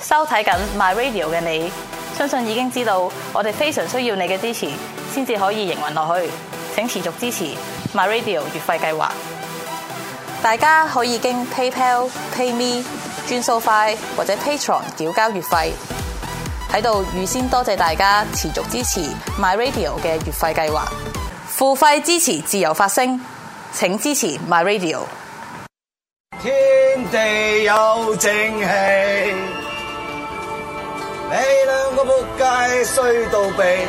收睇緊 My Radio 嘅你，相信已經知道我哋非常需要你嘅支持，先至可以營運落去，請持續支持 My Radio 月費計劃。大家可以經 PayPal、PayMe、轉數快或者 Patreon 繳交月費。喺度預先多謝大家持續支持 My Radio 嘅月費計劃，付費支持自由發聲，請支持 My Radio。天地有正氣。你兩個仆街衰到痹！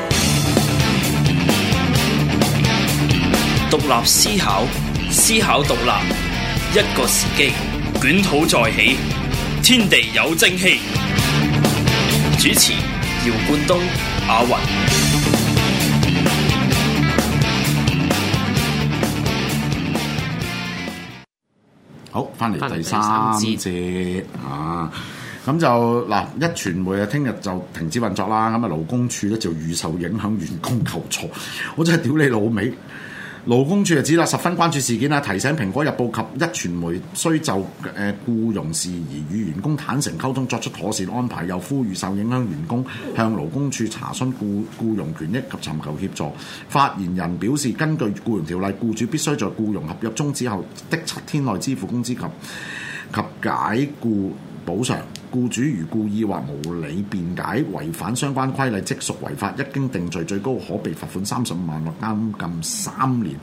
獨立思考，思考獨立，一個時機，捲土再起，天地有精氣。主持：姚冠東、阿云。好，翻嚟第三節啊！咁就嗱壹傳媒啊，聽日就停止運作啦。咁啊勞工處咧就預受影響員工求助。我真係屌你老味！勞工處就指啦，十分關注事件啊，提醒《蘋果日報》及壹傳媒須就誒、呃、僱傭事宜與員工坦誠溝通，作出妥善安排。又呼籲受影響員工向勞工處查詢僱僱傭權益及尋求協助。發言人表示，根據僱傭條例，雇主必須在僱傭合約終止後的七天內支付工資及及解僱補償。補雇主如故意或無理辯解，違反相關規例，即屬違法。一經定罪，最高可被罰款三十五萬，或監禁三年。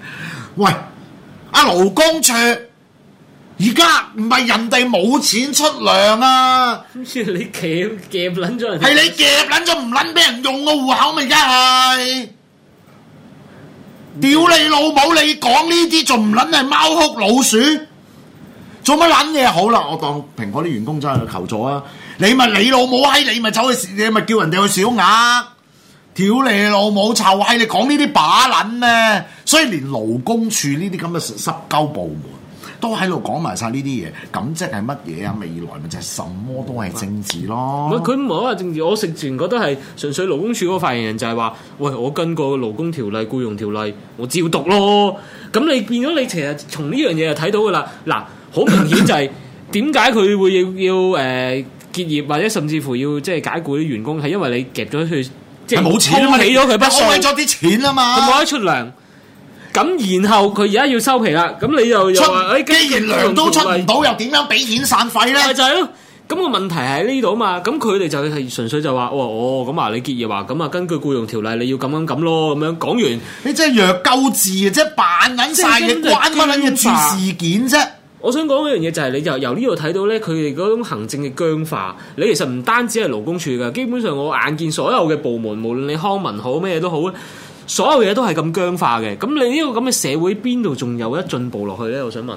喂，阿盧光卓，而家唔係人哋冇錢出糧啊！你，夾夾你夾夾捻咗？係你夾捻咗唔捻俾人用個戶口咪？而家係，嗯、屌你老母！你講呢啲仲唔捻係貓哭老鼠？做乜撚嘢？好啦，我當蘋果啲員工真係去求助啊！你咪你老母閪，你咪走去，你咪叫人哋去小額屌你老母臭閪！你講呢啲把撚咩？所以連勞工處呢啲咁嘅濕鳩部門都喺度講埋晒呢啲嘢，咁即係乜嘢啊？未來咪就係什麼都係政治咯。佢唔好話政治，我直程覺得係純粹勞工處嗰個發言人就係話：喂，我根據勞工條例、僱傭條例，我照讀咯。咁你變咗你其實從呢樣嘢就睇到噶啦嗱。好明顯就係點解佢會要要誒、呃、結業或者甚至乎要即係解雇啲員工，係因為你夾咗佢，即係收起咗佢不上，收起咗啲錢啊嘛，佢冇得出糧。咁然後佢而家要收皮啦，咁你又出又、哎、既然糧都出唔到，又點樣俾遣散費咧？就係咯。咁個問題喺呢度啊嘛，咁佢哋就係純粹就話，哦咁啊，你結業話咁啊，根據僱傭條例，你要咁樣咁咯咁樣。講完，你真係弱鳩智啊，即係扮緊晒嘢，關乜嘢住事件啫？我想講一樣嘢就係你由由呢度睇到咧，佢哋嗰種行政嘅僵化。你其實唔單止係勞工處嘅，基本上我眼見所有嘅部門，無論你康文好咩都好，所有嘢都係咁僵化嘅。咁你呢個咁嘅社會，邊度仲有一進步落去咧？我想問。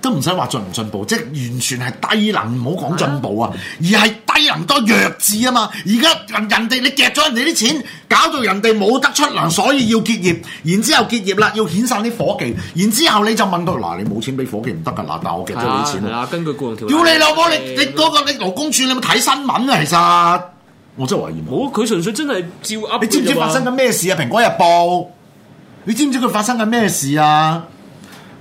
都唔使話進唔進步，即係完全係低能，唔好講進步啊！而係低能多弱智啊嘛！而家人人哋你夾咗人哋啲錢，搞到人哋冇得出糧，所以要結業，然之後結業啦，要遣散啲伙計，然之後你就問到：啊「嗱，你冇錢俾伙計唔得噶嗱，但、啊、我夾咗你啲錢啦、啊啊，根據個條約。屌你老母、啊！你、那個、你嗰個你勞工處，你冇睇新聞啊？其實我真係懷疑，好、哦，佢純粹真係照你知唔知發生緊咩事、啊、事啊？《蘋果日報》，你知唔知佢發生緊咩事啊？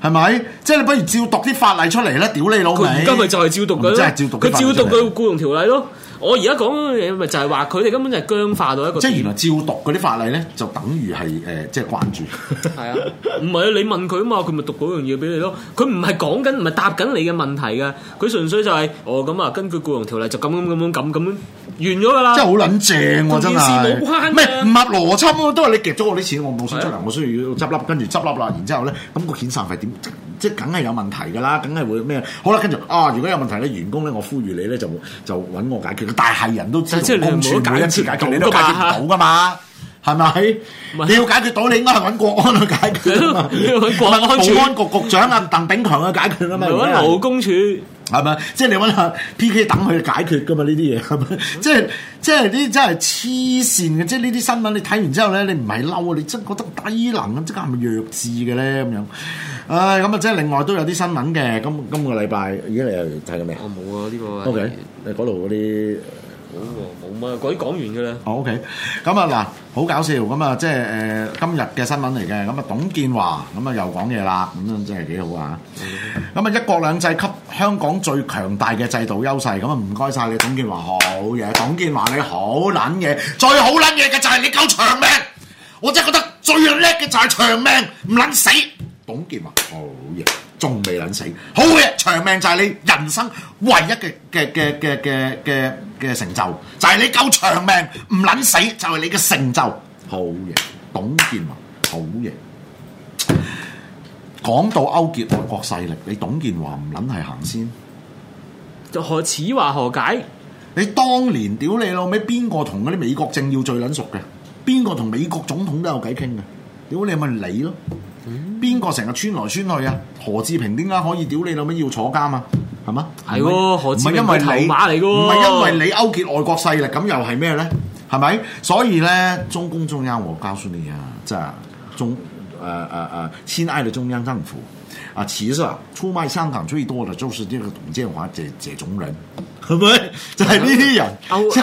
係咪？即係你不如照讀啲法例出嚟啦！屌你老味，佢而家咪就係照讀佢咯！佢照讀嘅雇傭條例咯。我而家講嘅嘢咪就係話佢哋根本就係僵化到一個，即係原來照讀嗰啲法例咧，就等於係誒即係關注。係、呃就是、 啊，唔係你問佢啊嘛，佢咪讀嗰樣嘢俾你咯。佢唔係講緊，唔係答緊你嘅問題嘅。佢純粹就係、是、哦咁啊、嗯，根據雇傭條例就咁咁咁咁咁完咗噶啦。即係好撚正喎，真係。唔係唔合邏輯咯，都係你夾咗我啲錢，我冇想出啊，我需要執笠，跟住執笠啦，然之後咧，咁、那個遣散費點即係梗係有問題㗎啦，梗係會咩？好啦，跟住啊，如果有問題咧，員工咧，我呼籲你咧就就揾我解決。大係人都知，即係公署每一次解決你都解決唔到噶嘛，係咪吧？是是你要解決到，你應該係揾國安去解決啊嘛。去揾國安，是是保安局局，局長啊，鄧炳強去解決啊嘛。你揾勞工處係咪？即係、就是、你揾下 P K 等佢解決噶嘛？呢啲嘢，即係即係啲真係黐線嘅，即係呢啲新聞你睇完之後咧，你唔係嬲啊？你真覺得低能啊？即係係咪弱智嘅咧咁樣？唉，咁啊，即係另外都有啲新聞嘅。今今個禮拜而家你又睇到未啊？我冇啊，呢個。O K，你嗰度嗰啲冇冇乜，講完嘅啦。O K，咁啊嗱，好搞笑。咁啊，即係誒今日嘅新聞嚟嘅。咁啊，董建華咁啊又講嘢啦。咁樣真係幾好啊！咁啊一國兩制給香港最強大嘅制度優勢。咁啊唔該晒你，董建華好嘢。董建華你好撚嘢，最好撚嘢嘅就係你夠長命。我真係覺得最叻嘅就係長命，唔撚死。董建華，好嘢，仲未捻死，好嘢，長命就係你人生唯一嘅嘅嘅嘅嘅嘅嘅成就，就係你夠長命唔捻死就係你嘅成就，好嘢，董建華，好嘢，講到勾結外國勢力，你董建華唔捻係行先，何此話何解？你當年屌你老味，邊個同嗰啲美國政要最捻熟嘅？邊個同美國總統都有偈傾嘅？屌你咪你咯！邊個成日穿來穿去啊？何志平點解可以屌你老尾要坐監啊？係咪？係咯的，唔係因為你，唔係因為你勾結外國勢力，咁又係咩咧？係咪？所以咧，中共中央我，我告訴你啊，即係中誒誒誒，先、呃呃呃、挨到中央政府。啊，其實出賣香港最多嘅就是呢個董建華這這種人，係咪？就係呢啲人，歐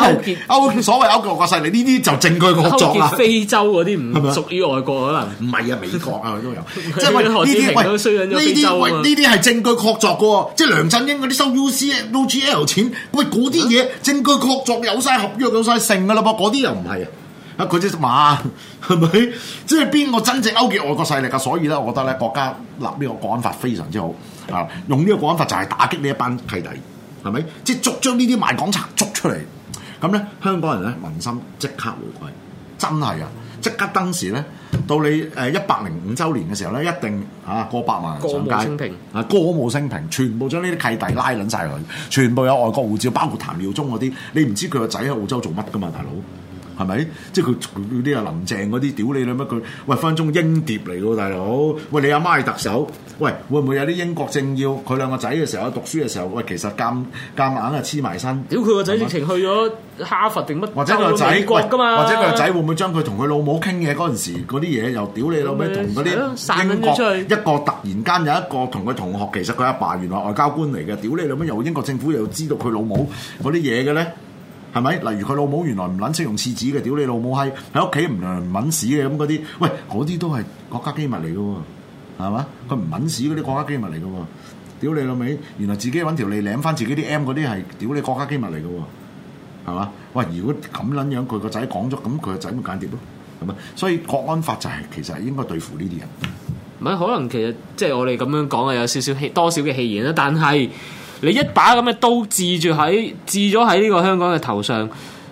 歐所謂歐國國勢力呢啲就證據確鑿啦。非洲嗰啲唔屬於外國可能，唔係啊，美國啊都 有。即係呢啲喂，呢啲喂呢啲係證據確鑿噶，即係梁振英嗰啲收 U C L U L 錢喂嗰啲嘢證據確鑿，有晒合約，有晒成噶啦噃，嗰啲又唔係啊。啊！佢、就是、即係話，係咪即係邊個真正勾結外國勢力啊？所以咧，我覺得咧，國家立呢個國安法非常之好啊！用呢個國安法就係打擊呢一班契弟，係咪？即係捉將呢啲賣港賊捉出嚟，咁咧香港人咧民心即刻回歸，真係啊！即刻當時咧，到你誒一百零五週年嘅時候咧，一定嚇、啊、過百萬人上街啊！歌舞升平，全部將呢啲契弟拉撚晒佢，全部有外國護照，包括譚耀宗嗰啲，你唔知佢個仔喺澳洲做乜㗎嘛，大佬？係咪？即係佢佢啲阿林鄭嗰啲屌你啦咩？佢喂分分鐘英籍嚟咯大佬！喂，喂你阿媽係特首，喂會唔會有啲英國政要佢兩個仔嘅時候，讀書嘅時候，喂其實夾夾硬啊黐埋身。屌佢個仔直情去咗哈佛定乜？係咪或者佢個仔國㗎嘛？或者佢個仔會唔會將佢同佢老母傾嘢嗰陣時嗰啲嘢又屌你老味？同嗰啲英國一個突然間有一個同佢同學，其實佢阿爸，爸原來外交官嚟嘅，屌你老味又英國政府又知道佢老母嗰啲嘢嘅咧？係咪？例如佢老母原來唔捻識用廁紙嘅，屌你老母閪喺屋企唔嚟唔捻屎嘅咁嗰啲，喂嗰啲都係國家機密嚟嘅喎，係嘛？佢唔捻屎嗰啲國家機密嚟嘅喎，屌你老味，原來自己搵條脷舐翻自己啲 M 嗰啲係屌你國家機密嚟嘅喎，係嘛？喂，如果咁捻樣，佢個仔講咗，咁佢個仔咪間諜咯，係嘛？所以國安法就係、是、其實係應該對付呢啲人。唔係，可能其實即係我哋咁樣講係有少少多少嘅戲言啦，但係。你一把咁嘅刀置住喺置咗喺呢個香港嘅頭上，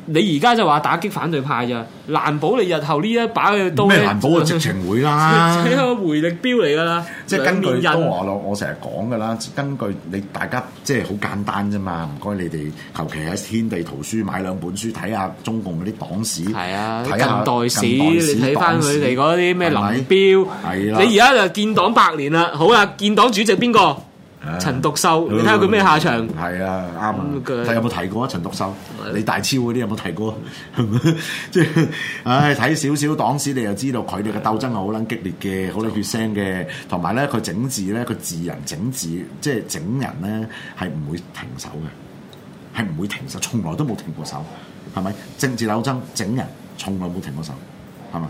你而家就話打擊反對派啫，難保你日後呢一把嘅刀咩？難保啊？ 直情會啦，睇下 回力標嚟噶啦。即係根據都話我我成日講噶啦，根據你大家即係好簡單啫嘛，唔該你哋求其喺天地圖書買兩本書睇下中共嗰啲黨史，係啊，睇下近代史，近代史你睇翻佢哋嗰啲咩林彪，係啦、啊。啊啊、你而家就建黨百年啦，好啊，建黨主席邊個？陳獨秀，啊、你睇下佢咩下場？係啊，啱啊。睇、嗯、有冇提過啊？陳獨秀，是李大釗嗰啲有冇提過？即 係、就是，唉、啊，睇少少黨史，你又知道佢哋嘅鬥爭係好捻激烈嘅，好捻血腥嘅，同埋咧佢整治咧，佢自人整治，即、就、係、是、整人咧，係唔會停手嘅，係唔會停手，從來都冇停過手，係咪？政治鬥爭整人，從來冇停過手，係嘛？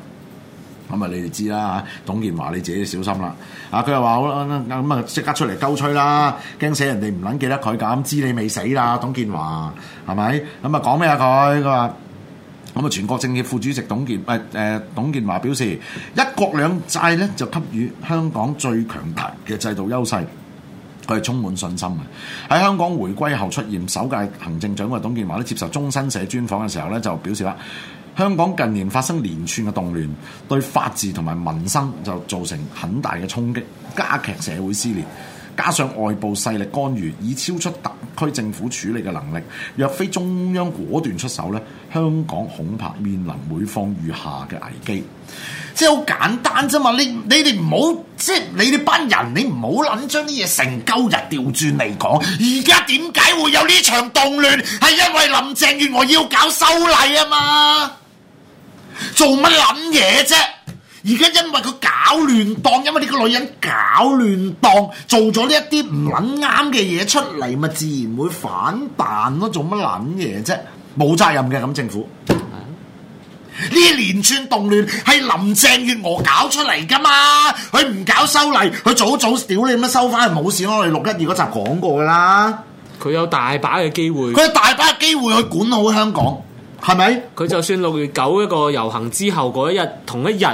咁啊、嗯，你哋知啦董建華，你自己小心啦！啊，佢又話好咁啊，即、嗯嗯嗯、刻出嚟鳩吹啦，驚死人哋唔撚記得佢咁，嗯，知你未死啦，董建華係咪？咁啊、嗯嗯嗯，講咩啊佢？佢話：咁、嗯、啊，全國政協副主席董建唔係、嗯嗯、董建華表示，一國兩制咧就給予香港最強大嘅制度優勢，佢係充滿信心嘅。喺香港回歸後出現首屆行政長官董建華咧接受中新社專訪嘅時候咧，就表示啦。香港近年發生連串嘅動亂，對法治同埋民生就造成很大嘅衝擊，加劇社會撕裂，加上外部勢力干預，已超出特區政府處理嘅能力。若非中央果斷出手咧，香港恐怕面臨每況愈下嘅危機。即係好簡單啫嘛，你，你哋唔好，即係你哋班人，你唔好撚將啲嘢成鳩日調轉嚟講。而家點解會有呢場動亂？係因為林鄭月娥要搞修例啊嘛！做乜卵嘢啫？而家因為佢搞亂檔，因為呢個女人搞亂檔，做咗呢一啲唔卵啱嘅嘢出嚟，咪自然會反彈咯，啊。做乜卵嘢啫？冇責任嘅咁政府。呢一，啊、連串動亂係林鄭月娥搞出嚟噶嘛？佢唔搞修例，佢早早屌你咁樣收翻，冇事咯。我哋六一二嗰集講過噶啦。佢有大把嘅機會，佢有大把嘅機會去管好香港。係咪？佢就算六月九一個遊行之後嗰一日，同一日，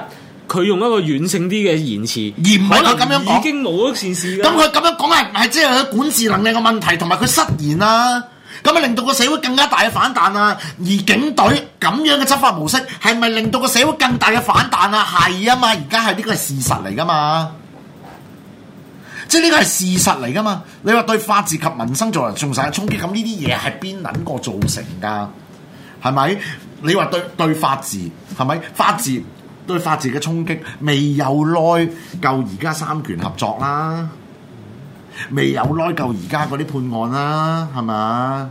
佢用一個軟性啲嘅言辭，而唔係咁樣講，已經冇咗件事。咁佢咁樣講係唔係即係佢管治能力嘅問題，同埋佢失言啊？咁啊，令到個社會更加大嘅反彈啊！而警隊咁樣嘅執法模式，係咪令到個社會更大嘅反彈啊？係啊嘛，而家係呢個係事實嚟噶嘛？即係呢個係事實嚟噶嘛？你話對法治及民生，做人重生造成仲使衝擊，咁呢啲嘢係邊諗過造成噶？係咪？你話對對法治係咪？法治對法治嘅衝擊未有耐夠，而家三權合作啦，未有耐夠而家嗰啲判案啦，係咪？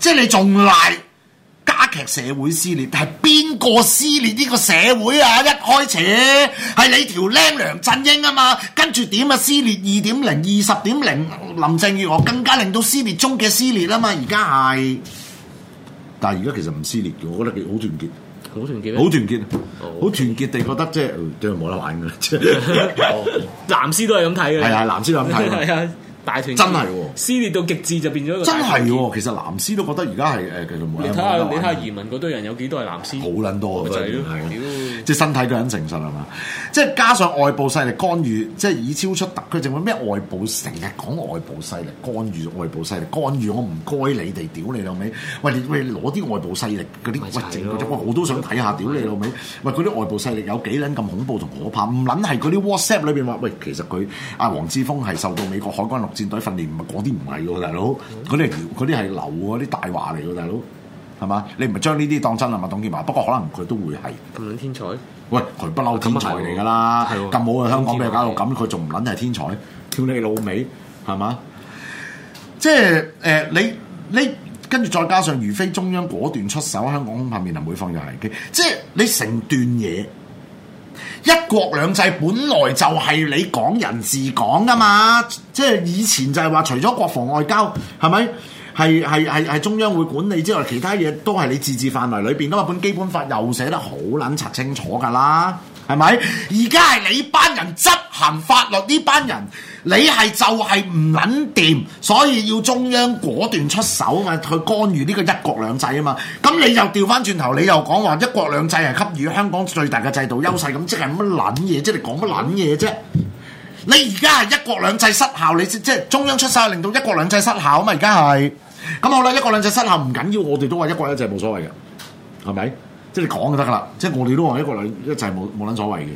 即係你仲賴加劇社會撕裂，係邊個撕裂呢個社會啊？一開始係你條僆梁振英啊嘛，跟住點啊，撕裂二點零、二十點零，林鄭月娥更加令到撕裂中嘅撕裂啊嘛，而家係。但係而家其實唔撕裂嘅，我覺得佢好團結，好團結，好團結，好團結地覺得即係真係冇得玩㗎啦。藍 絲都係咁睇嘅，係啊， 藍絲都咁睇啊。 真係㗎，撕裂到極致就變咗個。真係㗎，其實藍絲都覺得而家係誒，其實冇。你睇下你睇下移民嗰堆人有幾多係藍絲？好撚多，真即係身體都撚誠實係嘛？即係加上外部勢力干預，即係已超出特區佢仲會咩外部，成日講外部勢力干預，外部勢力干預，我唔該你哋屌你老味。喂，你喂攞啲外部勢力嗰啲屈我，我都想睇下屌你老味。喂，嗰啲外部勢力有幾撚咁恐怖同可怕？唔撚係嗰啲 WhatsApp 裏邊話喂，其實佢阿黃之鋒係受到美國海軍戰隊訓練唔係嗰啲，唔係喎，大佬，嗰啲係嗰啲係流嗰啲大話嚟嘅，大佬，係嘛？你唔係將呢啲當真啊嘛，董建華。不過可能佢都會係咁撚天才。喂，佢不嬲天才嚟㗎啦，咁、啊、好嘅香港畀搞到咁，佢仲唔撚係天才？挑 你老味，係嘛？即係誒、呃、你你跟住再加上，如非中央果斷出手，香港恐怕面臨每況愈下嘅，即係你成段嘢。一國兩制本來就係你港人治港㗎嘛，即係以前就係話除咗國防外交係咪係係係中央會管理之外，其他嘢都係你自治範圍裏邊，咁啊本基本法又寫得好撚查清楚㗎啦。係咪？而家係你班人執行法律呢班人，你係就係唔撚掂，所以要中央果斷出手嘛，去干預呢個一國兩制啊嘛。咁你又調翻轉頭，你又講話一國兩制係給予香港最大嘅制度優勢，咁即係乜撚嘢啫？即係你講乜撚嘢啫？你而家係一國兩制失效，你即即係中央出手令到一國兩制失效嘛？而家係。咁好啦，一國兩制失效唔緊要，我哋都話一國一制冇所謂嘅，係咪？即係你講就得噶啦，即係我哋都話一國兩一制冇冇撚所謂嘅。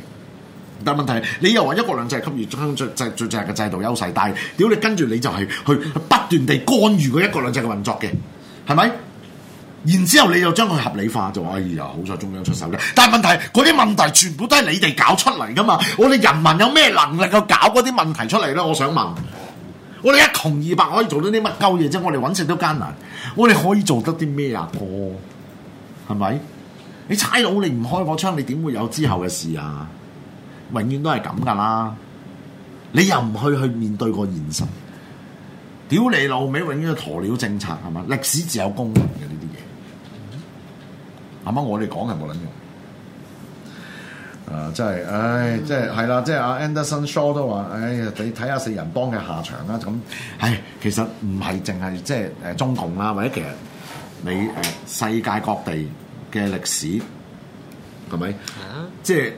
但係問題你又話一國兩制係給予中央制最制嘅制，制，制度優勢，但係如果你跟住你就係去不斷地干預個一國兩制嘅運作嘅，係咪？然之後你又將佢合理化，就話哎呀好在中央出手嘅。但係問題嗰啲問題全部都係你哋搞出嚟噶嘛？我哋人民有咩能力去搞嗰啲問題出嚟咧？我想問，我哋一窮二白可以做到啲乜鳩嘢啫？我哋揾食都艱難，我哋可以做得啲咩啊？我係咪？你踩佬，你唔開火槍，你點會有之後嘅事啊？永遠都係咁噶啦！你又唔去去面對個現實，屌你老味，永遠都鴕鳥政策係嘛？歷史自、嗯啊、有公論嘅呢啲嘢。啱啱我哋講係冇撚用。啊，真係，唉，即係係啦，即係阿 Anderson Shaw 都話：唉呀，你睇下四人幫嘅下場啦。咁，唉，其實唔係淨係即係誒、呃、中共啦，或者其實你誒、呃、世界各地。嘅歷史係咪？係係啊、即係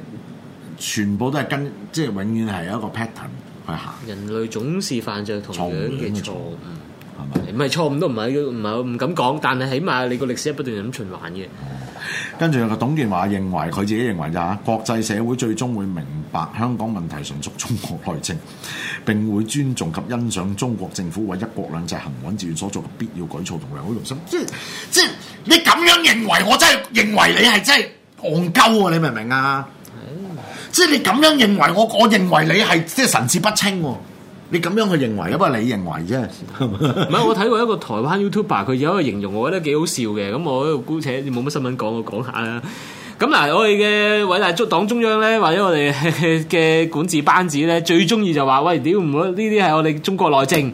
全部都係跟，即係永遠係一個 pattern 去行。人類總是犯著同樣嘅錯誤，係咪？唔係、嗯、錯誤都唔係，唔係唔敢講。但係起碼你個歷史係不斷咁循環嘅。嗯跟住個董建華認為，佢自己認為就吓，國際社會最終會明白香港問題純屬中國內政，並會尊重及欣賞中國政府為一國兩制行穩致遠所做嘅必要舉措同良好用心。即即你咁樣認為我，我真係認為你係真係戇鳩啊！你明唔明啊？即你咁樣認為我，我我認為你係即神志不清啊。你咁樣去認為，不過你認為啫。唔 係，我睇過一個台灣 YouTuber 佢有一個形容，我覺得幾好笑嘅。咁我姑且你冇乜新聞講，我講下啦。咁嗱，我哋嘅偉大中黨中央咧，或者我哋嘅管治班子咧，最中意就話：喂，屌唔好呢啲係我哋中國內政，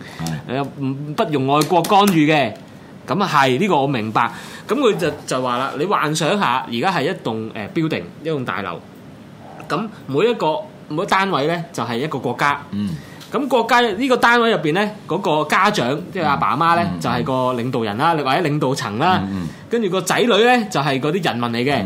誒唔不容外國干預嘅。咁啊，係呢個我明白。咁佢就就話啦，你幻想下，而家係一棟誒 building，一棟大樓。咁每一個每一個單位咧，就係一個國家。嗯。咁國家呢個單位入邊咧，嗰個家長即係阿爸阿媽咧，就係個領導人啦，或者領導層啦，跟住個仔女咧就係嗰啲人民嚟嘅。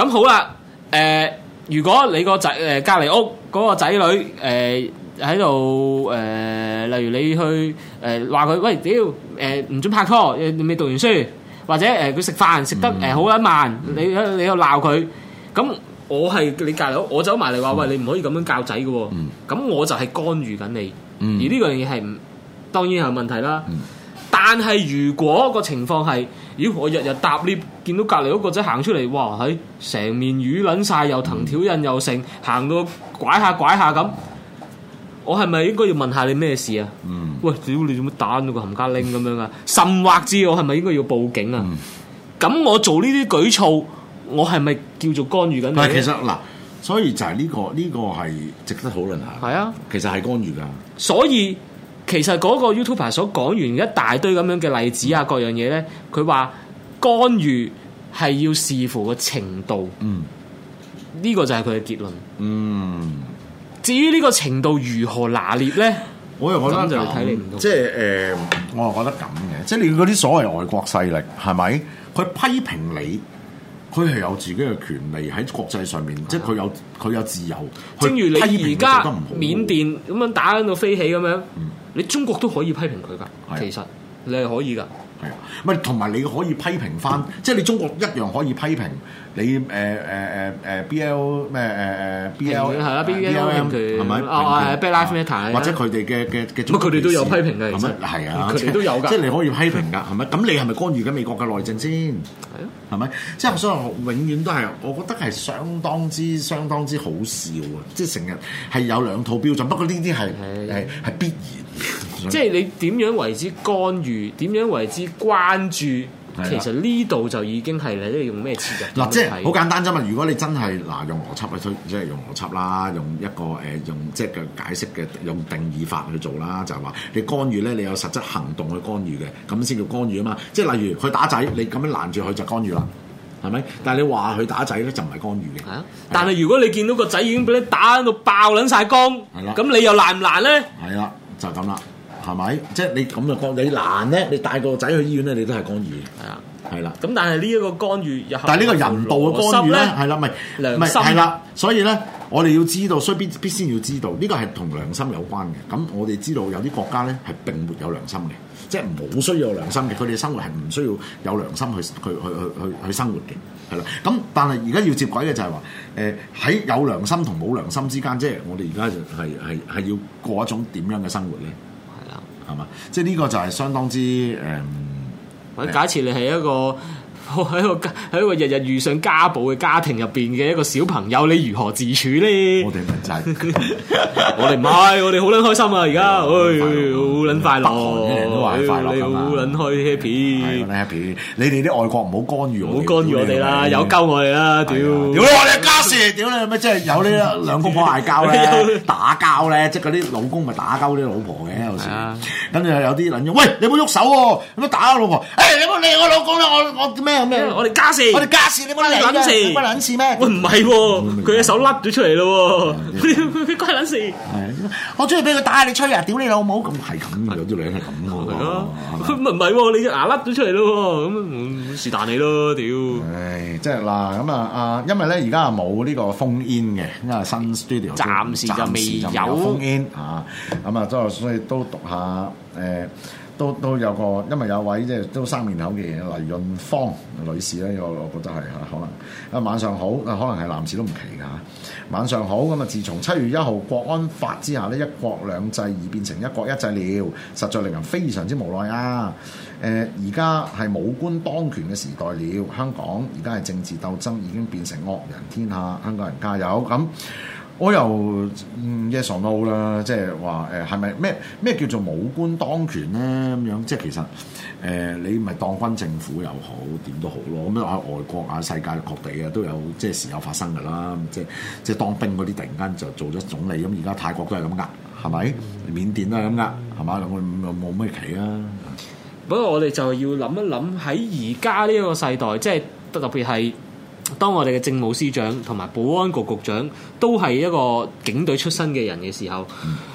咁好啦，誒，如果你個仔誒隔離屋嗰個仔女誒喺度誒，例如你去誒話佢喂，屌誒唔准拍拖，你未讀完書，或者誒佢食飯食得誒好撚慢，你喺你喺鬧佢咁。我係你隔籬，我走埋嚟話喂，你唔可以咁樣教仔嘅。哦，咁、嗯、我就係干預緊你。嗯、而呢樣嘢係當然係問題啦。嗯、但係如果個情況係，咦、呃，我日日搭 lift 見到隔籬嗰個仔行出嚟，哇，佢、哎、成面淤捻晒，又藤條印又剩，嗯、行到拐下拐下咁，我係咪應該要問下你咩事啊？嗯、喂，屌你做乜打到個冚家拎咁樣啊？嗯、甚或知我係咪應該要報警啊？咁、嗯、我做呢啲舉措？我係咪叫做干預緊？其實嗱，所以就係呢個呢個係值得討論下。係啊其，其實係干預噶。所以其實嗰個 YouTuber 所講完一大堆咁樣嘅例子啊，嗯、各樣嘢咧，佢話干預係要視乎個程度。嗯，呢個就係佢嘅結論。嗯，至於呢個程度如何拿捏咧，我又覺得就睇唔到。即係誒、呃，我又覺得咁嘅，即、就、係、是、你嗰啲所謂外國勢力係咪？佢批評你。佢係有自己嘅權利喺國際上面，即係佢有佢有自由。正如你而家緬甸咁樣打緊到飛起咁樣，嗯、你中國都可以批評佢噶。是的 其實你係可以噶。唔係，同埋你可以批評翻，即係你中國一樣可以批評你誒誒誒誒 BL 咩誒誒 BL 係啊 BLM 佢係咪啊啊，Black Lives Matter 或者佢哋嘅嘅嘅乜佢哋都有批評嘅，係啊，佢哋都有噶，即係你可以批評噶，係咪？咁你係咪干預緊美國嘅內政先？係咯的，係咪的？即係所以，永遠都係，我覺得係相當之、相當之好笑啊！即係成日係有兩套標準，不過呢啲係誒係必然。即係你點樣為之干預？點樣為之關注？其實呢度就已經係你都用咩設計嗱？即係好簡單啫嘛！如果你真係嗱、啊、用邏輯去，即係用邏輯啦，用一個誒、呃、用即係嘅解釋嘅用定義法去做啦，就係、是、話你干預咧，你有實質行動去干預嘅，咁先叫干預啊嘛！即係例如佢打仔，你咁樣攔住佢就干預啦，係咪？但係你話佢打仔咧就唔係干預嘅。啊、吧但係如果你見到個仔已經俾你打到爆捻晒光，咁的、嗯、你又攔唔攔咧？係啦。就咁啦，係咪？即係你咁就覺你難咧，你帶個仔去醫院咧，你都係干預。係啊的，係啦的。咁但係呢一個干預，但係呢個人道嘅干預咧，係啦心，唔係，係啦。所以咧，我哋要知道，所以必必先要知道，呢、這個係同良心有關嘅。咁我哋知道有啲國家咧係並沒有良心嘅，即係冇需要有良心嘅，佢哋生活係唔需要有良心去去去去去去生活嘅。咁，但係而家要接軌嘅就係、是、話，誒、呃、喺有良心同冇良心之間，即係我哋而家就係係係要過一種點樣嘅生活咧？係啦的，係嘛？即係呢個就係相當之誒。呃、或者假設你係一個。喺一個喺一個日日遇上家暴嘅家庭入邊嘅一個小朋友，你如何自處咧？我哋唔係，我哋唔係，我哋好捻開心啊！而家，誒，好捻快樂，好捻快樂，好捻開，happy，happy。你哋啲外國唔好干預我，唔好干預我哋啦，有鳩我哋啦，屌，我哋家事，屌你，咪即係有呢兩公婆嗌交咧，打交咧，即係嗰啲老公咪打交啲老婆嘅有時，跟住有啲捻，喂，你冇喐手喎，咁樣打我老婆，誒，你我老公咧，我我咩？cin stereotype 我哋家事，事，我哋家事，你乜捻事？你乜捻事咩？喂，唔係，佢嘅手甩咗出嚟咯，佢佢佢，關捻事。我中意俾佢打下你吹啊！屌你老母！咁係咁，有啲女係咁噶嘛。佢唔係，你隻牙甩咗出嚟咯，咁是但你咯，屌！唉，即係嗱，咁啊啊，因為咧而家冇呢個封煙嘅，因為新 studio 暫時就未有封煙啊。咁啊、就是，所以都讀下誒。呃都都有個，因為有位即係都生面口嘅黎潤芳女士咧，我我覺得係嚇，可能啊晚上好，啊可能係男士都唔奇㗎。晚上好，咁啊自從七月一號國安法之下呢，一國兩制而變成一國一制了，實在令人非常之無奈啊！誒、呃，而家係武官當權嘅時代了，香港而家係政治鬥爭已經變成惡人天下，香港人加油咁。我又、嗯、yes or no 啦，即係話誒，係咪咩咩叫做武官當權咧咁樣？即係其實誒、呃，你咪當軍政府又好，點都好咯。咁喺外國啊，世界各地啊，都有即係時有發生噶啦。即係即係當兵嗰啲，突然間就做咗總理。咁而家泰國都係咁噶，係咪？嗯、緬甸都係咁噶，係嘛？我我冇咩奇啊。不過我哋就要諗一諗喺而家呢一個世代，即係特別係。當我哋嘅政務司長同埋保安局局長都係一個警隊出身嘅人嘅時候，誒、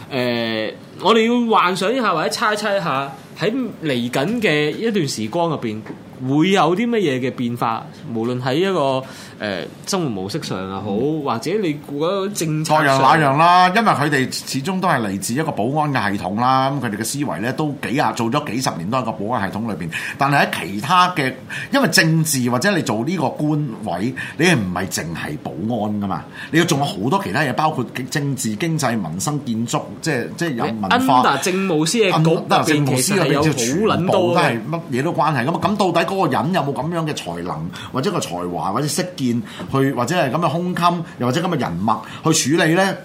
呃，我哋要幻想一下或者猜猜一下喺嚟緊嘅一段時光入邊。會有啲乜嘢嘅變化？無論喺一個誒、呃、生活模式上又好，嗯、或者你估喺政策，各樣那樣啦。因為佢哋始終都係嚟自一個保安嘅系統啦。咁佢哋嘅思維咧都幾啊，做咗幾十年都喺個保安系統裏邊。但係喺其他嘅，因為政治或者你做呢個官位，你係唔係淨係保安噶嘛？你要仲有好多其他嘢，包括政治、經濟、民生、建築，即係即係有文化。嗱、政務司嘅局嘅其實係有好撚多都係乜嘢都關係噶咁、嗯、到底？嗰個人有冇咁樣嘅才能，或者個才華，或者識見，去或者係咁嘅胸襟，又或者咁嘅人物去處理咧，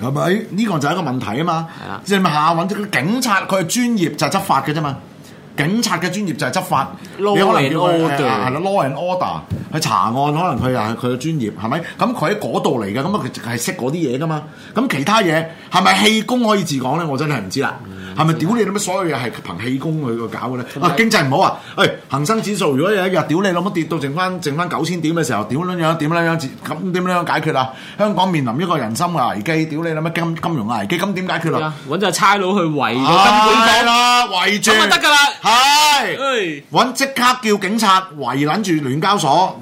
係咪？呢、這個就係一個問題啊嘛。係呀。即係咪下揾啲警察，佢嘅專業就係、是、執法嘅啫嘛。警察嘅專業就係執法，Law 你可能叫 and order 係咯，law and order。去查案，可能佢又係佢嘅專業，係咪？咁佢喺嗰度嚟嘅，咁啊佢係識嗰啲嘢㗎嘛。咁其他嘢係咪氣功可以自講咧？我真係唔知啦。係咪、嗯嗯、屌你諗乜所有嘢係憑氣功去搞嘅咧？為啊經濟唔好啊！誒、哎、恆生指數如果有一日屌你諗乜跌到剩翻剩翻九千點嘅時候，屌撚樣點撚樣咁點撚樣解決啊？香港面臨一個人心嘅危機，屌你諗乜金金融危機？咁點解決啊？揾隻差佬去圍咗金管局啦，圍住咁啊得㗎啦，係揾即刻叫警察圍攬住聯交所。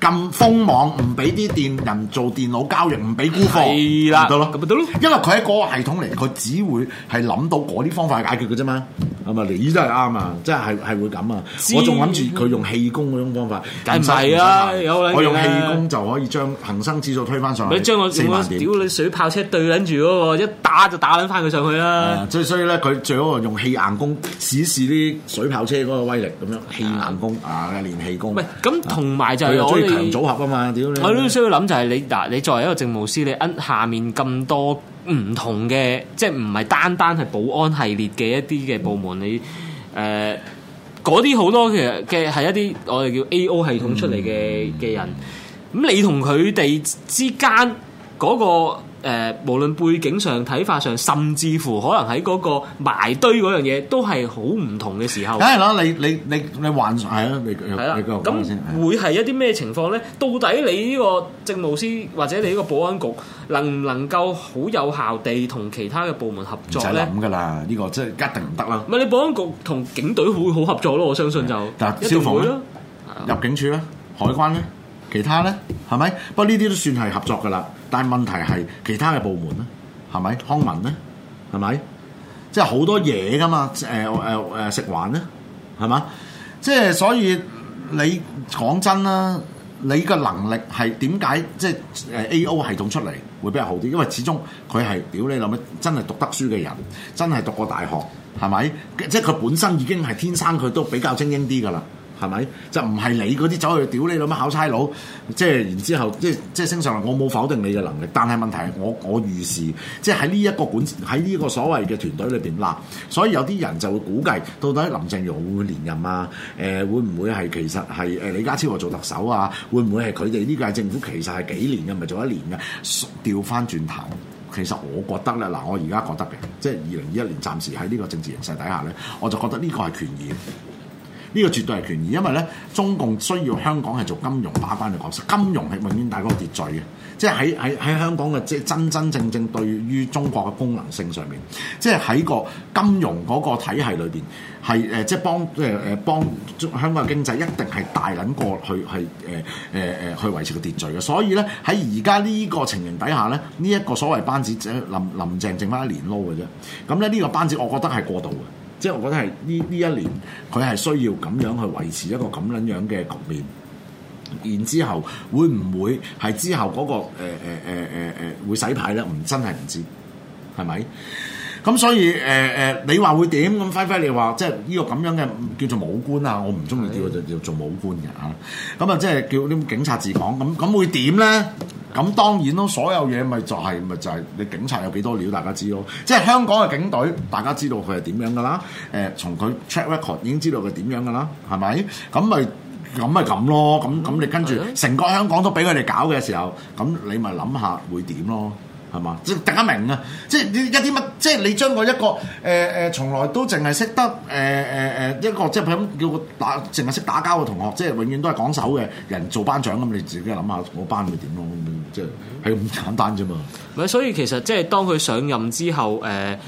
咁封網唔俾啲電人做電腦交易，唔俾沽貨，咪得咯，咁咪得咯。因為佢喺嗰個系統嚟，佢只會係諗到嗰啲方法去解決嘅啫嘛。係咪？你都係啱啊，即係係係會咁啊。我仲諗住佢用氣功嗰種方法，係唔係啊？啊我用氣功就可以將恒生指數推翻上去四萬點。屌你水炮車對撚住嗰個，一打就打撚翻佢上去啦，啊。所以所以咧，佢最好用氣硬功試試啲水炮車嗰個威力咁樣，氣硬功的啊練氣功。咁，同埋就係強組合啊嘛，屌你！我都需要諗就係你嗱，你作為一個政務司，你下面咁多唔同嘅，即係唔係單單係保安系列嘅一啲嘅部門，你誒，嗰啲好多其實嘅係一啲我哋叫 AO 系統出嚟嘅嘅人，咁、嗯、你同佢哋之間嗰、嗰個。誒、呃，無論背景上，睇法上，甚至乎可能喺嗰個埋堆嗰樣嘢，都係好唔同嘅時候。梗係啦，你你你你混？係啊，你係啦。咁、嗯、會係一啲咩情況咧？對到底你呢個政務司或者你呢個保安局能唔能夠好有效地同其他嘅部門合作咧？唔使諗噶啦，呢、呢個即係一定唔得啦。唔係你保安局同警隊會好合作咯，我相信就但消防咧、入境處咧、海關咧、其他咧，係咪？不過呢啲都算係合作噶啦。但係問題係其他嘅部門咧，係咪康文咧？係咪？即係好多嘢㗎嘛？誒誒誒食環咧，係嘛？即係所以你講真啦，你嘅能力係點解即係 AO 系統出嚟會比較好啲？因為始終佢係屌你諗咩？真係讀得書嘅人，真係讀過大學，係咪？即係佢本身已經係天生佢都比較精英啲㗎啦。係咪？就唔係你嗰啲走去屌你老媽考差佬，即係然之後，即係即係升上嚟。我冇否定你嘅能力，但係問題係我我預示，即係喺呢一個管喺呢個所謂嘅團隊裏邊嗱，所以有啲人就會估計，到底林鄭月娥會唔會連任啊？誒、呃，會唔會係其實係誒、呃、李家超做特首啊？會唔會係佢哋呢屆政府其實係幾年嘅，唔係做一年嘅？調翻轉頭，其實我覺得咧，嗱、呃，我而家覺得嘅，即係二零二一年，暫時喺呢個政治形勢底下咧，我就覺得呢個係權宜。呢個絕對係權宜，因為咧，中共需要香港係做金融把關嘅角色，金融係永遠帶嗰個秩序嘅，即係喺喺喺香港嘅即係真真正正對於中國嘅功能性上面，即係喺個金融嗰個體系裏邊係誒，即係幫誒誒幫香港嘅經濟一定係大緊過去係誒誒誒去維、呃呃、持個秩序嘅，所以咧喺而家呢在在個情形底下咧，呢、這、一個所謂班子林林鄭只林林鄭淨返一年撈嘅啫，咁咧呢、這個班子我覺得係過渡嘅。即係我覺得係呢呢一年佢係需要咁樣去維持一個咁撚樣嘅局面，然之後會會之後會唔會係之後嗰個誒誒誒誒誒會洗牌咧？唔真係唔知係咪？咁所以誒誒、呃，你話會點？咁輝輝你，你話即係呢個咁樣嘅叫做武官啊？我唔中意叫佢叫做武官嘅嚇。咁的啊，即係叫啲警察自講，咁咁會點咧？咁當然咯，所有嘢咪就係、是、咪就係、是就是、你警察有幾多料，大家知咯。即係香港嘅警隊，大家知道佢係點樣㗎啦。誒、呃，從佢 track record 已經知道佢點樣㗎啦，係咪？咁咪咁咪咁咯。咁咁你跟住成個香港都俾佢哋搞嘅時候，咁你咪諗下會點咯？係嘛，即大家明啊，即一啲乜，即你將個一個誒誒，從、呃、來都淨係識得誒誒誒，一個即係咁叫個打，淨係識打交嘅同學，即係永遠都係講手嘅人做班長咁，你自己諗下，我班會點咯，即係係咁簡單啫嘛，嗯。唔係，所以其實即係當佢上任之後，誒、呃、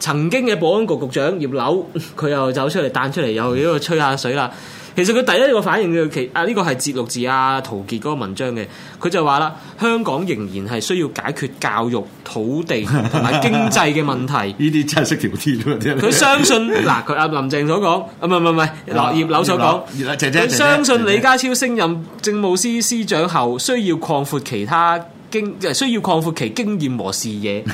曾經嘅保安局局長葉劉，佢又走出嚟彈出嚟，又喺度吹下水啦。嗯其實佢第一個反應嘅、就、其、是、啊呢、這個係節錄自啊，陶傑嗰個文章嘅，佢就話啦，香港仍然係需要解決教育、土地同埋經濟嘅問題。呢啲 真係識條鐵喎！佢相信嗱，佢阿 林鄭所講，唔係唔係唔係，葉、啊啊、劉所講說，佢、呃、相信李家超升任政務司司長後，需要擴闊其他。經即係需要擴闊其經驗和視野，即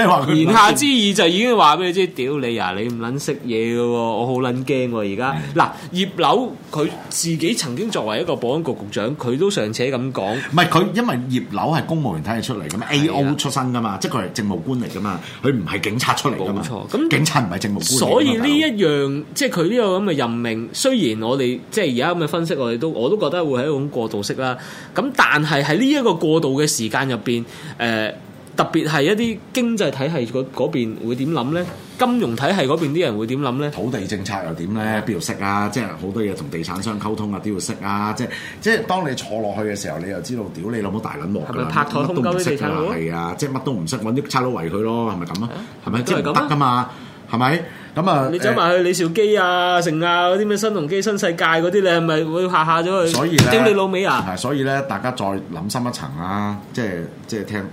係 言下之意就已經話畀你知：「屌 你啊，你唔撚識嘢嘅喎，我好撚驚喎！而家嗱，葉劉佢自己曾經作為一個保安局局長，佢都尚且咁講，唔係佢因為葉劉係公務員睇得出嚟嘅嘛，A O 出身噶嘛，即係佢係政務官嚟噶嘛，佢唔係警察出嚟嘅嘛，冇錯，咁警察唔係政務官。所以呢一樣 即係佢呢個咁嘅任命，雖然我哋即係而家咁嘅分析，我哋都我都覺得會係一種過渡式啦。咁但係喺呢一個過渡嘅時候，時間入邊，誒、呃，特別係一啲經濟體系嗰嗰邊會點諗咧？金融體系嗰邊啲人會點諗咧？土地政策又點咧？邊度識啊？即係好多嘢同地產商溝通啊，都要識啊！即係即係，當你坐落去嘅時候，你又知道，屌你老母大卵毛！係咪拍拖都唔識地產佬？係啊，即係乜都唔識，揾啲差佬圍佢咯，係咪咁啊？係咪即係唔得噶嘛？係咪？咁啊！你走埋去李兆基啊、成啊嗰啲咩新鴻基、新世界嗰啲，你係咪會下下咗佢？所以咧，丟你老味啊！係，所以咧，大家再諗深一層啦，即係即係聽，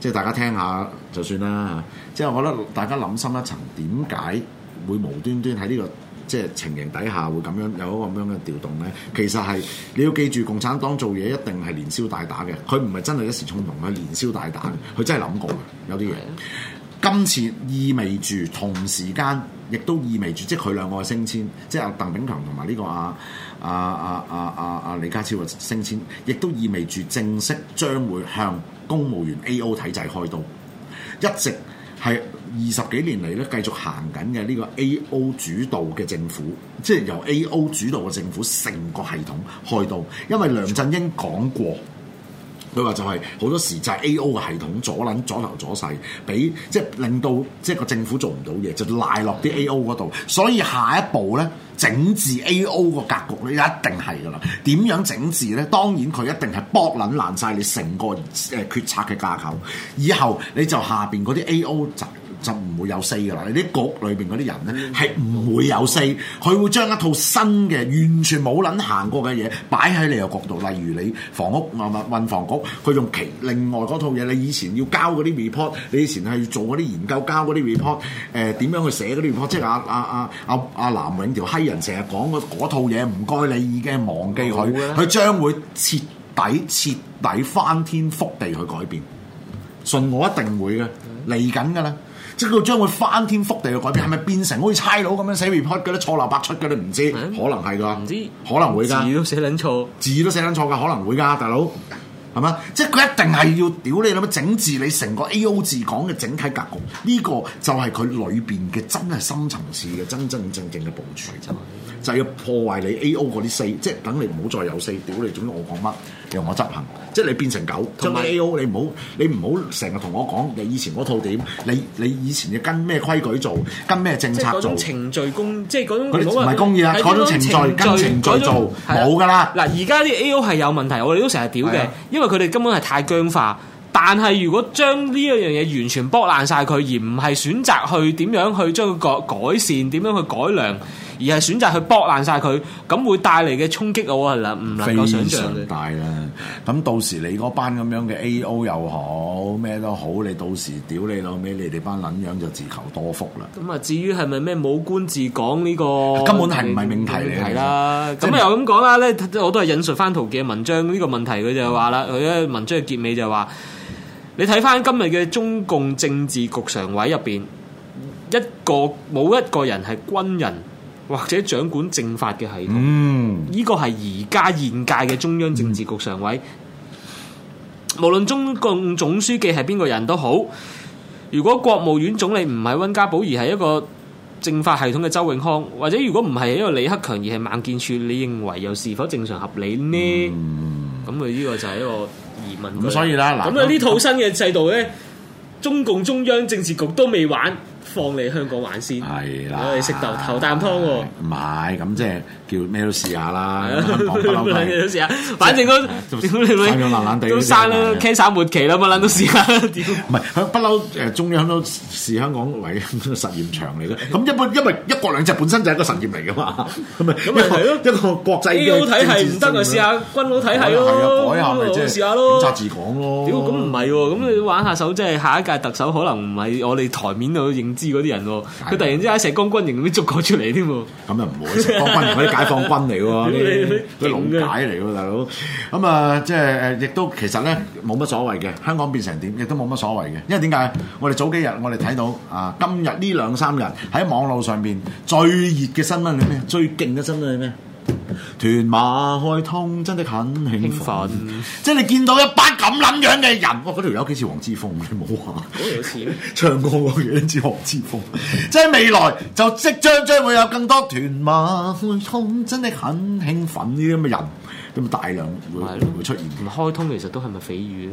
即係大家聽下就算啦。即係我覺得大家諗深一層，點解會無端端喺呢個即係情形底下會咁樣有一個咁樣嘅調動咧？其實係你要記住，共產黨做嘢一定係連消帶打嘅，佢唔係真係一時衝動啊，連消帶打，佢真係諗過啊，有啲嘢。今次意味住同時間，亦都意味住即佢兩個嘅升遷，即阿鄧炳強同埋呢個阿阿阿阿阿李家超嘅升遷，亦都意味住正式將會向公務員 AO 體制開刀。一直係二十幾年嚟咧，繼續行緊嘅呢個 AO 主導嘅政府，即由 AO 主導嘅政府成個系統開刀，因為梁振英講過。佢話就係好多時就係 A.O. 嘅系統阻撚阻頭阻勢，俾即係令到即係個政府做唔到嘢，就賴落啲 A.O. 嗰度。所以下一步咧，整治 A.O. 個格局咧，一定係㗎喇。點樣整治咧？當然佢一定係剝撚爛晒你成個誒決策嘅架構。以後你就下邊嗰啲 A.O. 就唔會有四㗎啦，你啲局裏邊嗰啲人咧係唔會有四，佢會將一套新嘅完全冇撚行過嘅嘢擺喺你個角度，例如你房屋啊物運房局，佢用其另外嗰套嘢，你以前要交嗰啲 report，你以前係做嗰啲研究交嗰啲 report，誒點樣去寫嗰啲 report，即係阿阿阿阿阿藍永條閪人成日講嗰套嘢，唔該你已經忘記佢，佢、嗯、將會徹底徹底翻天覆地去改變，信我一定會嘅嚟緊嘅咧。即係佢將會翻天覆地嘅改變，係咪變成好似差佬咁樣寫 report 嘅咧？錯漏百出嘅你唔知可能係㗎，唔知可能會㗎，字都寫撚錯，字都寫撚錯㗎可能會㗎，大佬。係嘛？即係佢一定係要屌你諗，整治你成個 A.O. 治港嘅整體格局，呢、這個就係佢裏邊嘅真係深層次嘅真真正正嘅部署，就係、是、要破壞你 A.O. 嗰啲四，即係等你唔好再有四，屌你總之我講乜由我執行，即係你變成狗。同埋 A.O. 你唔好，你唔好成日同我講你以前嗰套點，你你以前要跟咩規矩做，跟咩政策做？種程序公，即係嗰種。佢哋唔係公義啦，改咗程序，程序跟程序做冇㗎啦。嗱，而家啲 A.O. 係有問題，我哋都成日屌嘅，因為。佢哋根本係太僵化，但係如果將呢一樣嘢完全剝爛晒佢，而唔係選擇去點樣去將佢改改善，點樣去改良，而係選擇去博爛晒佢，咁會帶嚟嘅衝擊我，我係啦，唔能夠想象。非常大啦。咁到時你嗰班咁樣嘅 A.O. 又好咩都好，你到時屌你老尾，你哋班撚樣就自求多福啦。咁啊，至於係咪咩武官自講呢？呢個根本係唔係命題嚟係啦。咁又咁講啦咧，我都係引述翻《陶記》嘅文章呢個問題，啊，佢就話、係、啦，佢咧文章嘅、呢個嗯、結尾就話你睇翻今日嘅中共政治局常委入邊，一個冇一個人係軍人。或者掌管政法嘅系統，呢、嗯、個係而家現屆嘅中央政治局常委，嗯、無論中共總書記係邊個人都好。如果國務院總理唔係溫家寶而係一個政法系統嘅周永康，或者如果唔係一個李克強而係孟建柱，你認為又是否正常合理呢？咁佢呢個就係一個疑問。咁所以啦，咁啊，呢套新嘅制度咧，中共中央政治局都未玩。放嚟香港玩先，係啦，食豆頭啖湯喎。唔係咁即係叫咩都試下啦。香港不嬲，咩都試下。反正都點樣冷冷地都生啦 c a 末期啦，冇撚都試下，唔係不嬲，誒中央都視香港為實驗場嚟嘅。咁一般因為一國兩制本身就係一個實驗嚟㗎嘛。咁咪一個一個國際嘅體係唔得，咪試下軍佬體係咯，改下咪即係試下咯，警察治港咯。屌，咁唔係喎，咁你玩下手即係下一屆特首可能唔係我哋台面度認知嗰啲人喎，佢放突然之間石崗軍營咁樣捉過出嚟添喎，咁又唔會，軍營嗰啲解放軍嚟喎，啲啲諜嚟喎，大佬，咁啊即係誒，亦都其實咧冇乜所謂嘅，香港變成點亦都冇乜所謂嘅，因為點解？我哋早幾日我哋睇到啊，今日呢兩三日喺網絡上邊最熱嘅新聞係咩？最勁嘅新聞係咩？團馬開通真的很興奮，即係你見到一班咁諗樣嘅人，我嗰條友幾似黃之鋒嘅，冇啊，唱歌個樣似黃之鋒，即係未來就即將將會有更多團馬開通，真的很興奮呢啲咁嘅人咁、嗯、大量會會出現。唔開通其實都係咪蜚語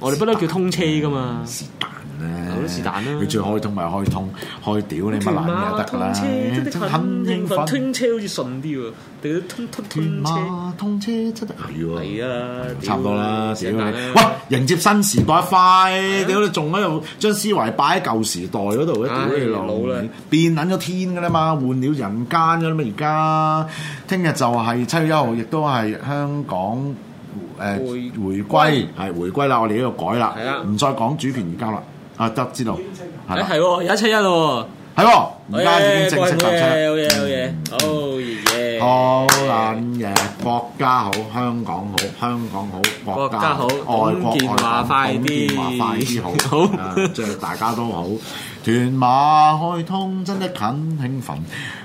我哋不嬲叫通車㗎嘛？是但啦，是但啦。你最開通咪開通，開屌你咪爛就得㗎喇。通車，通通通車好似順啲喎。通通通車，通車真係啊！差唔多啦，少少。喂，迎接新時代快！屌你仲喺度將思維擺喺舊時代嗰度，一屌你老嘞，變撚咗天㗎喇嘛，換了人間㗎喇嘛。而家聽日就係七月一號，亦都係香港。誒回歸係回歸啦，我哋呢度改啦，唔再講主權移交啦。阿德知道，係係，有七一咯，係，而家已經正式入車。好嘢，好嘢，好嘢，好嘢，國家好，香港好，香港好，國家好，港電話快啲，港電話快啲，好，即係大家都好，屯馬開通真的好興奮。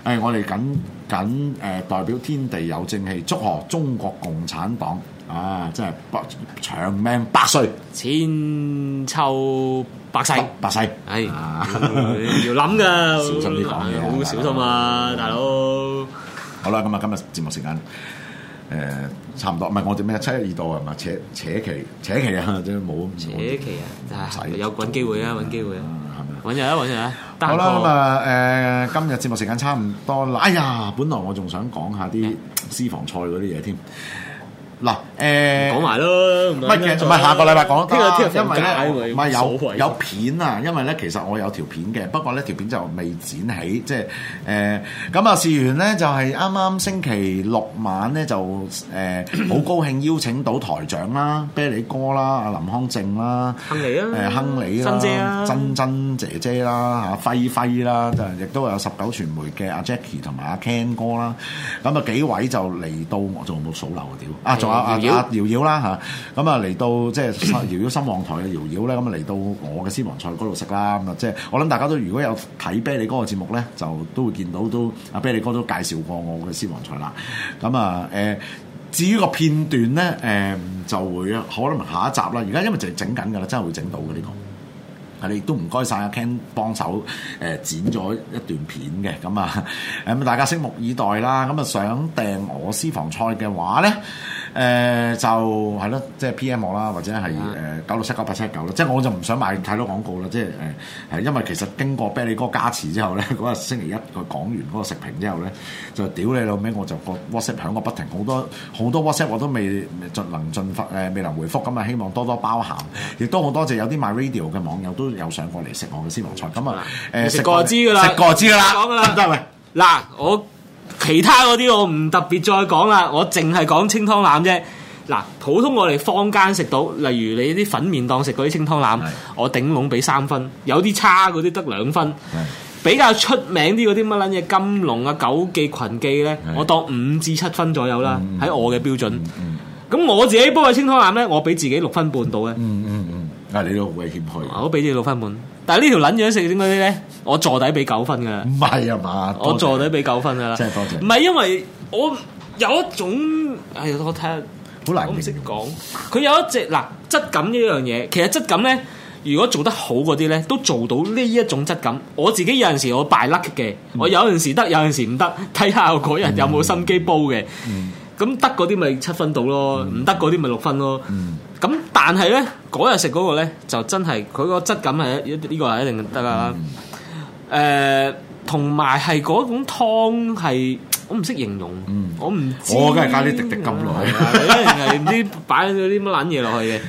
誒，我哋緊緊誒代表天地有正氣，祝賀中國共產黨。啊！真係百長命百歲，千秋百世，百世，係要諗噶，小心啲講嘢，好小心啊，大佬。好啦，咁啊，今日節目時間誒，差唔多，唔係我哋咩七一二度啊，咪扯扯旗，扯旗啊，即係冇唔扯旗啊，有滾機會啊，搵機會啊，搵人啊，搵人啊。好啦，咁啊，誒，今日節目時間差唔多啦。哎呀，本來我仲想講下啲私房菜嗰啲嘢添。嗱，誒講埋咯，唔係唔係下個禮拜講，因為咧，唔係有有片啊，因為咧，其實我有條片嘅，不過呢條片就未剪起，即係誒咁啊！事、欸、完咧就係啱啱星期六晚咧就誒好、欸、高興邀請到台長啦、啤梨哥啦、阿林康正啦、亨利啊、誒亨利啦、真真姐、啊、姐姐啦、阿輝輝啦，就亦都有十九傳媒嘅阿、啊、Jackie 同埋、啊、阿 Ken 哥啦，咁啊幾位就嚟到我仲冇數流屌啊仲！啊瑤瑤啦嚇，咁啊嚟到即係瑤瑤心望台嘅瑤瑤咧，咁啊嚟到我嘅私房菜嗰度食啦咁啊！即係我諗大家都如果有睇啤梨哥個節目咧，就都會見到都阿啤梨哥都介紹過我嘅私房菜啦。咁啊誒，至於個片段咧誒，就會可能下一集啦。而家因為就係整緊㗎啦，真係會整到嘅呢個。啊！你都唔該晒阿 Ken 幫手誒剪咗一段片嘅，咁啊誒大家拭目以待啦。咁啊想訂我私房菜嘅話咧～誒、呃、就係咯、嗯，即係 PM 我啦，或者係誒九六七九八七九啦，即係我就唔想賣太多廣告啦，即係誒係因為其實經過啤梨哥加持之後咧，嗰 日星期一佢講完嗰個食評之後咧，就屌你老味，我就，我就我 WhatsApp 響個不停，好多好多 WhatsApp 我都未盡能盡復誒，未能回覆咁啊，希望多多包涵。亦都好多謝有啲 MyRadio 嘅網友都有上過嚟食我嘅私房菜，咁啊誒食過知㗎啦，食過知㗎啦，講㗎啦，唔該。嗱 喂我。其他嗰啲我唔特別再講啦，我淨係講清湯腩啫。嗱，普通我哋坊間食到，例如你啲粉麵檔食嗰啲清湯腩，是的 我頂籠俾三分。有啲差嗰啲得兩分，是的 比較出名啲嗰啲乜撚嘢金龍啊、九記、群記咧，是的 我當五至七分左右啦，喺、嗯、我嘅標準。咁、嗯嗯嗯嗯、我自己煲嘅清湯腩咧，我俾自己六分半到咧、嗯。嗯嗯嗯，啊、嗯嗯嗯、你都好危險去，我都俾你六分半。但係呢條卵樣食點嗰啲咧，我座底俾九分噶。唔係啊嘛，我座底俾九分噶啦。真係多謝。唔係因為我有一種，哎呀，我睇下好難唔識講。佢有一隻嗱，質感呢樣嘢，其實質感咧，如果做得好嗰啲咧，都做到呢一種質感。我自己有陣時我 by luck 嘅，我有陣時得，有陣時唔得。睇下嗰日有冇心機煲嘅。咁得嗰啲咪七分到咯，唔得嗰啲咪六分咯。咁但係咧，嗰日食嗰個咧就真係佢個質感係，一呢個係一定得㗎喇。誒、嗯，同埋係嗰種湯係我唔識形容，嗯、我唔我梗係加啲滴滴金落去啦，唔知擺咗啲乜撚嘢落去嘅。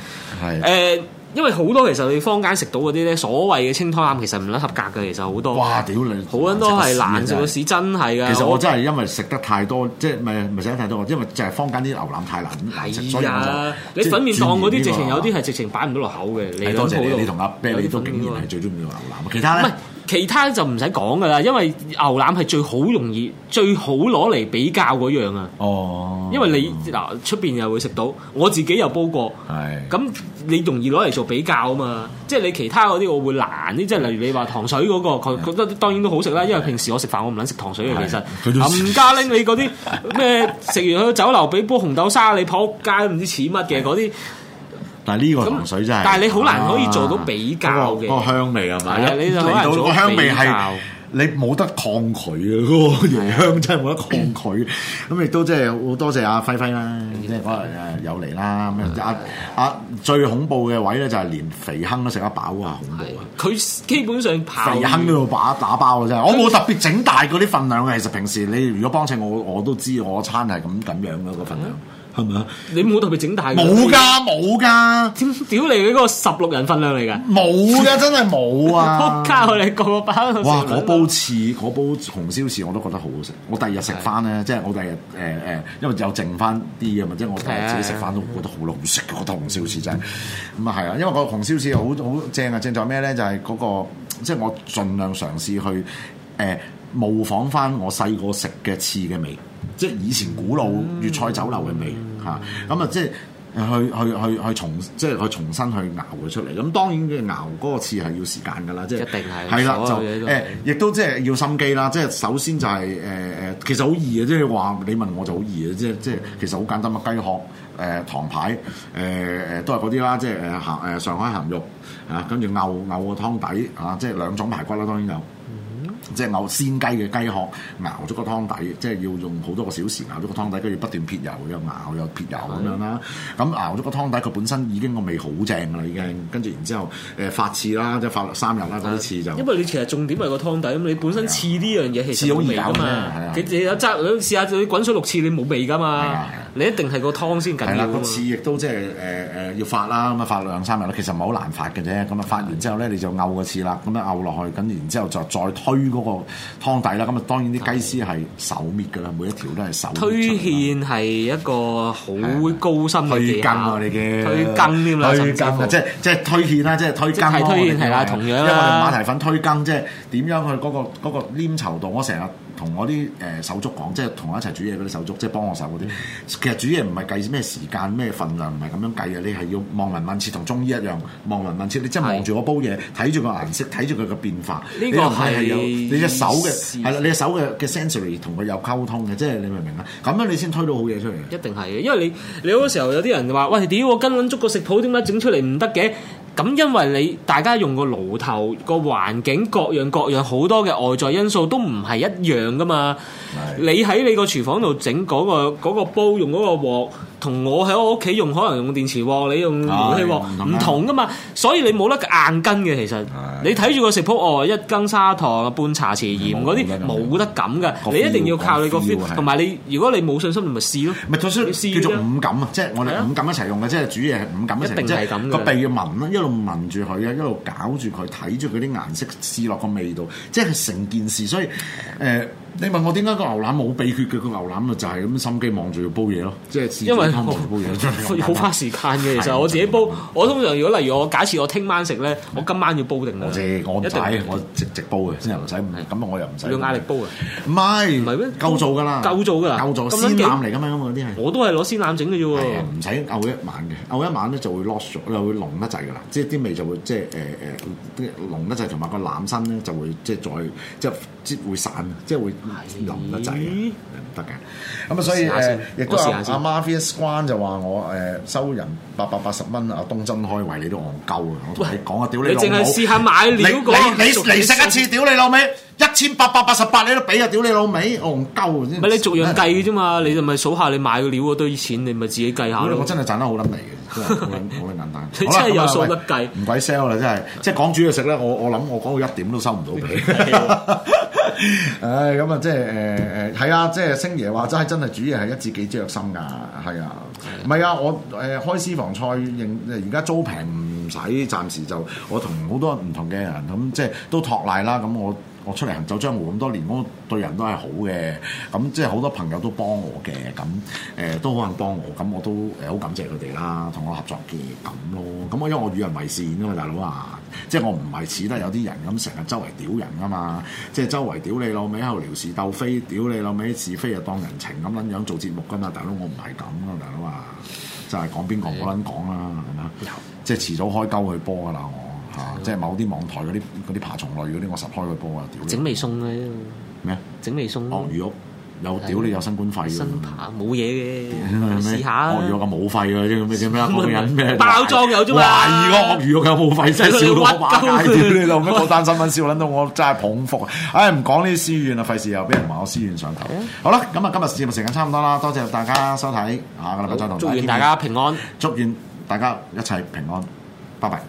係誒。 因為好多其實你坊間食到嗰啲咧，所謂嘅清湯腩其實唔撚合格嘅，其實好多。哇！屌你，好人都係難食屎真係㗎。其實我真係因為食得太多，即係唔係唔係食得太多，因為就係坊間啲牛腩太難。係啊、哎呀，你粉麵檔嗰啲直情有啲係直情擺唔到落口嘅。你都你同多阿 b i 都竟然係最中意牛腩，其他咧。其他就唔使講噶啦，因為牛腩係最好容易、最好攞嚟比較嗰樣啊。哦，因為你嗱出邊又會食到，我自己又煲過。係是，咁你容易攞嚟做比較啊嘛。即係你其他嗰啲我會難啲，即係例如你話糖水嗰個，佢覺得當然都好食啦。因為平時我食飯我唔撚食糖水嘅，是其實。冚家拎， 你嗰啲咩食完去酒樓俾煲紅豆沙，你撲街都唔知似乜嘅嗰啲。是但係呢個糖水真係，但係你好難可以做到比較嘅。個香味係咪？係你到個香味係你冇得抗拒嘅。個椰香真係冇得抗拒。咁亦都即係好多謝阿輝輝啦，即係可能誒有嚟啦。咁阿阿最恐怖嘅位咧，就係連肥亨都食得飽啊！恐怖啊！佢基本上肥亨嗰度把打包嘅真係。我冇特別整大嗰啲份量嘅。其實平時你如果幫襯我，我都知我餐係咁咁樣嘅一個份量。係咪啊？你冇特別整大冇噶，冇噶，屌你嗰個十六人份量嚟噶？冇噶，真係冇啊！ 加佢哋個班，個包哇！嗰煲翅，嗰煲紅燒翅我都覺得好好食。我第二日食翻咧，即係的我第二日誒誒，因為又剩翻啲嘢，或、就、者、是、我第日自己食翻都覺得好好食！的我覺得、那個、紅燒翅真係咁啊，係啊！因為個紅燒翅好好正啊，正在咩咧？就係、是、嗰、那個，即、就、係、是、我盡量嘗試去誒、呃、模仿翻我細個食嘅翅嘅味。即係以前古老粵菜酒樓嘅味嚇，咁、嗯、啊即係去去去去重即係去重新去熬佢出嚟。咁當然嘅熬嗰個次係要時間㗎啦，即係一定係係啦，就誒亦都即係要心機啦。即係首先就係誒誒，其實好易嘅，即係話你問我就好易嘅，即即係其實好簡單啊。雞殼誒、呃、唐排誒誒、呃、都係嗰啲啦，即係誒鹹誒上海鹹肉啊，跟住牛牛個湯底啊，即係兩種排骨啦，當然有。即係牛鮮雞嘅雞殼熬咗個湯底，即係要用好多個小時熬咗個湯底，跟住不斷撇油又熬又撇油咁的樣啦。咁、嗯、熬咗個湯底，佢本身已經個味好正噶啦，已經。跟住然之後誒、呃、發翅啦，即係發三日嗰啲翅就因為你其實重點係個湯底，咁你本身刺呢樣嘢其實好味噶嘛。嗯、你試試你有扎你試下你滾水六次你冇味噶嘛？你一定係個湯先緊要，係啦，個翅亦都即係誒誒要發啦，咁啊發兩三日咯。其實唔係好難發嘅啫，咁啊發完之後咧你就漚個翅啦，咁啊漚落去，咁然之後就再推嗰個湯底啦。咁啊當然啲雞絲係手搣㗎啦，的每一條都係手搣。推芡係一個好高深嘅技巧。推筋啊！你叫推筋添啊！推筋啊！即係即係推芡啦、啊，即係推筋、啊。馬蹄粉推筋即係點樣去、嗰個？佢、嗰、嗰個嗰、嗰個、黏稠度，我成日。同我啲誒手足講，即係同我一齊煮嘢嗰啲手足，即係幫我手嗰啲。其實煮嘢唔係計咩時間咩份量，唔係咁樣計嘅。你係要望聞問切，同中醫一樣望聞問切。你真係望住我煲嘢，睇住個顏色，睇住佢嘅變化。呢個係你隻手嘅，係啦，你隻手嘅嘅 sensory 同佢有溝通嘅，即係你明唔明啊？咁樣你先推到好嘢出嚟。一定係嘅，因為你你有時候有啲人話：喂，屌我跟撚足個食譜，點解整出嚟唔得嘅？咁因為你大家用個爐頭，個環境，各樣各樣，好多嘅外在因素都唔係一樣噶嘛，是的 你喺你個廚房度整嗰個嗰、嗰個煲用嗰個鑊。同我喺我屋企用，可能用電池，你用爐氣喎，唔同噶嘛。所以你冇得硬跟嘅，其實你睇住個食譜哦，一羹砂糖、半茶匙鹽嗰啲冇得咁嘅，你一定要靠你個 feel。同埋你如果你冇信心，咪試咯，咪就算叫做五感啊！即係我哋五感一齊用嘅，即係煮嘢係五感一定係咁，個鼻要聞啦，一路聞住佢，一路搞住佢，睇住佢啲顏色，試落個味道，即係成件事。所以誒。你問我點解個牛腩冇秘訣嘅？個牛腩咪就係咁心機望住要煲嘢咯，即係自己煲嘢，好花時間嘅。其實我自己煲，我通常如果例如我假設我聽晚食咧，我今晚要煲定我啫，我唔使，我直直煲嘅，即係唔使咁啊，我又唔使。用壓力煲嘅？唔係唔係咩？夠做㗎啦，夠做㗎，夠做鮮腩嚟㗎嘛？啲係我都係攞鮮腩整嘅啫喎。係啊，唔使熬一晚嘅，熬一晚咧就會 loss，就會濃得滯㗎啦。即係啲味就會即係誒誒，濃得滯同埋個腩身咧就會即係再即係會散，即係會。用得滯，唔得嘅。咁啊，所以誒，亦都阿阿 m a v i 關就話我誒收人八百八十蚊啊，東真開胃，你都戇鳩啊！我都係講啊，屌你老母！你淨係試下買料，你嚟食一次，屌你老味，一千八百八十八，你都俾啊！屌你老味，戇鳩！咪你逐樣計嘅啫嘛，你就咪數下你買嘅料嗰堆錢，你咪自己計下。我真係賺得好撚嚟嘅，好撚好撚簡單。你真係有數得計，唔鬼 sell 啦！真係，即係講煮嘢食咧，我我諗我講到一點都收唔到皮。唉、 哎，咁啊、就是，即係誒誒，係啊，即係星爺話齋，真係主要係一己幾着心噶，係啊，唔 係啊，我誒開私房菜，而家租平唔使，暫時就我同好多唔同嘅人咁，即、嗯、係、就是、都托賴啦，咁我。我出嚟行走江湖咁多年，我對人都係好嘅，咁即係好多朋友都幫我嘅，咁誒、呃、都好肯幫我，咁我都誒好、呃、感謝佢哋啦，同我合作嘅咁咯。咁我因為我與人為善啊嘛，大佬啊，即係我唔係似得有啲人咁成日周圍屌人噶嘛，即係周圍屌你老味後撩事鬥非，屌你老味是非又當人情咁撚樣，樣做節目㗎嘛，大佬我唔係咁啊，大佬啊，就係講邊個我撚講啦，係咪啊？即係遲早開鳩佢波㗎啦我。即係某啲網台嗰啲啲爬蟲類嗰啲，我實開個波啊！屌，整未送嘅咩啊？整未送鱷魚屋，有屌你有新冠費嘅，冇嘢嘅試下鱷魚屋咁冇費嘅，即係咁咩？咩？包裝有啲咩啊？鱷魚肉有冇費先？少到乜你做咩咁擔心？粉絲我諗到我真係捧腹啊！唉，唔講呢啲私怨啦，費事又俾人話我私怨上頭。好啦，咁啊，今日節目時間差唔多啦，多謝大家收睇，下個禮拜再見，祝願大家平安，祝願大家一切平安，拜拜。